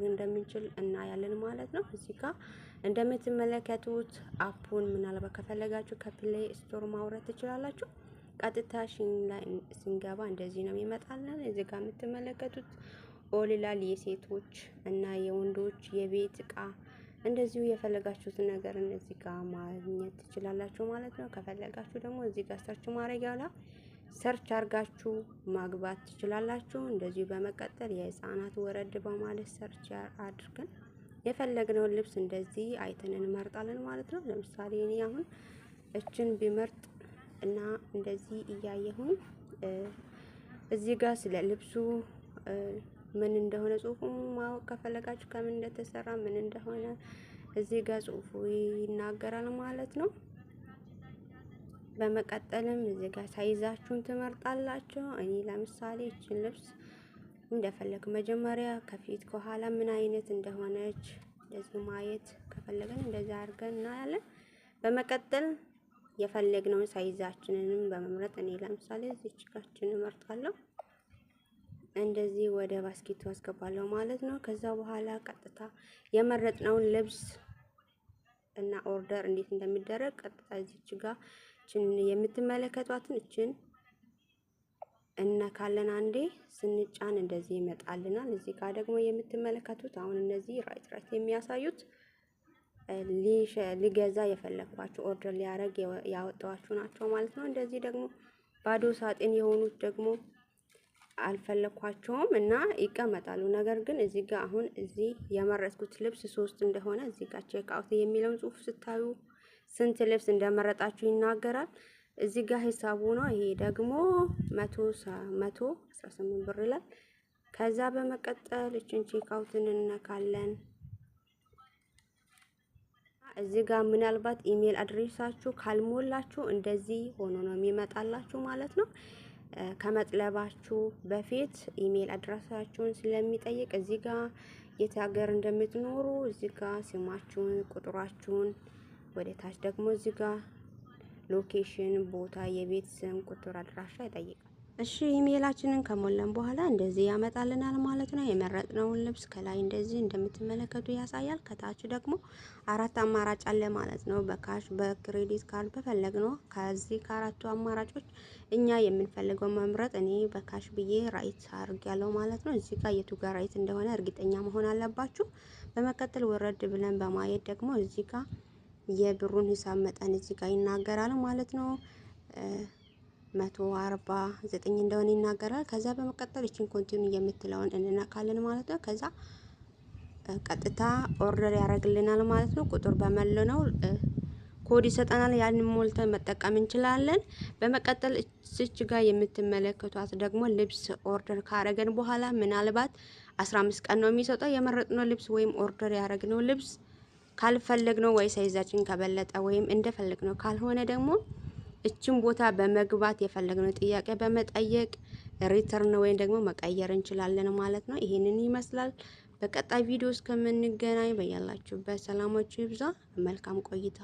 ማድረግ እንደምንችል እናያለን ማለት ነው። እዚህ ጋር እንደምትመለከቱት አፑን ምናልባት ከፈለጋችሁ ከፕሌይ ስቶር ማውረድ ትችላላችሁ። ቀጥታ ሽን ላይ ስንገባ እንደዚህ ነው የሚመጣልን። እዚህ ጋር የምትመለከቱት ኦልላል የሴቶች እና የወንዶች የቤት እቃ እንደዚሁ የፈለጋችሁትን ነገር እዚህ ጋር ማግኘት ትችላላችሁ ማለት ነው። ከፈለጋችሁ ደግሞ እዚህ ጋር ሰርች ማድረግ ያውላል ሰርች አርጋችሁ ማግባት ትችላላችሁ። እንደዚሁ በመቀጠል የህፃናት ወረድ በማለት ሰርች አድርገን የፈለግነውን ልብስ እንደዚህ አይተን እንመርጣለን ማለት ነው። ለምሳሌ እኔ አሁን እችን ቢመርጥ እና እንደዚህ እያየሁኝ እዚህ ጋር ስለ ልብሱ ምን እንደሆነ ጽሁፉ ማወቅ ከፈለጋችሁ ከምን እንደተሰራ ምን እንደሆነ እዚህ ጋር ጽሁፉ ይናገራል ማለት ነው። በመቀጠልም እዚህ ጋር ሳይዛችሁን ትመርጣላችሁ። እኔ ለምሳሌ ይችን ልብስ እንደፈለግ መጀመሪያ ከፊት ከኋላ ምን አይነት እንደሆነች እንደዚህ ማየት ከፈለግን እንደዚህ አድርገን እናያለን። በመቀጠል የፈለግነውን ሳይዛችንንም በመምረጥ እኔ ለምሳሌ እዚች ጋችን እመርጣለሁ። እንደዚህ ወደ ባስኬቱ አስገባለሁ ማለት ነው። ከዛ በኋላ ቀጥታ የመረጥነውን ልብስ እና ኦርደር እንዴት እንደሚደረግ ቀጥታ እዚች ጋር እችን የምትመለከቷትን እችን እነካለን። አንዴ ስንጫን እንደዚህ ይመጣልናል። እዚህ ጋር ደግሞ የምትመለከቱት አሁን እነዚህ ራይት ራይት የሚያሳዩት ሊገዛ የፈለግኳቸው ኦርደር ሊያደረግ ያወጣኋቸው ናቸው ማለት ነው። እንደዚህ ደግሞ ባዶ ሳጥን የሆኑት ደግሞ አልፈለግኳቸውም እና ይቀመጣሉ። ነገር ግን እዚህ ጋር አሁን እዚህ የመረጥኩት ልብስ ሶስት እንደሆነ እዚህ ጋር ቼክ አውት የሚለውን ጽሁፍ ስታዩ ስንት ልብስ እንደመረጣችሁ ይናገራል። እዚህ ጋር ሂሳቡ ነው። ይሄ ደግሞ መቶ መቶ አስራ ስምንት ብር ይላል። ከዛ በመቀጠል እችን ቼክአውትን እንነካለን። እዚህ ጋር ምናልባት ኢሜል አድሬሳችሁ ካልሞላችሁ እንደዚህ ሆኖ ነው የሚመጣላችሁ ማለት ነው። ከመጥለባችሁ በፊት ኢሜል አድራሳችሁን ስለሚጠይቅ እዚህ ጋር የት ሀገር እንደምትኖሩ እዚህ ጋር ስማችሁን፣ ቁጥራችሁን ወደ ታች ደግሞ እዚህ ጋር ሎኬሽን ቦታ፣ የቤት ስም፣ ቁጥር፣ አድራሻ ይጠይቃል። እሺ ኢሜይላችንን ከሞላን በኋላ እንደዚህ ያመጣልናል ማለት ነው። የመረጥነውን ልብስ ከላይ እንደዚህ እንደምትመለከቱ ያሳያል። ከታች ደግሞ አራት አማራጭ አለ ማለት ነው። በካሽ በክሬዲት ካርድ በፈለግነው ከዚህ ከአራቱ አማራጮች እኛ የምንፈልገው መምረጥ። እኔ በካሽ ብዬ ራይት አርግ ያለው ማለት ነው። እዚህ ጋር የቱ ጋር ራይት እንደሆነ እርግጠኛ መሆን አለባችሁ። በመቀጠል ወረድ ብለን በማየት ደግሞ እዚህ ጋር የብሩን ሂሳብ መጠን እዚህ ጋር ይናገራል ማለት ነው። መቶ አርባ ዘጠኝ እንደሆነ ይናገራል። ከዛ በመቀጠል ችን ኮንቲኒ የምትለውን እንነካለን ማለት ነው። ከዛ ቀጥታ ኦርደር ያደርግልናል ማለት ነው። ቁጥር በመለ ነው ኮድ ይሰጠናል። ያን ሞልተን መጠቀም እንችላለን። በመቀጠል ስች ጋር የምትመለከቷት ደግሞ ልብስ ኦርደር ካረገን በኋላ ምናልባት አስራ አምስት ቀን ነው የሚሰጠው የመረጥነው ልብስ ወይም ኦርደር ያደረግነው ልብስ ካልፈለግ ነው ወይ ሳይዛችን ከበለጠ ወይም እንደፈለግ ነው ካልሆነ ደግሞ እችን ቦታ በመግባት የፈለግነው ጥያቄ በመጠየቅ ሪተርን ወይም ደግሞ መቀየር እንችላለን ማለት ነው። ይሄንን ይመስላል። በቀጣይ ቪዲዮ እስከምንገናኝ በያላችሁበት ሰላማችሁ ይብዛ። መልካም ቆይታ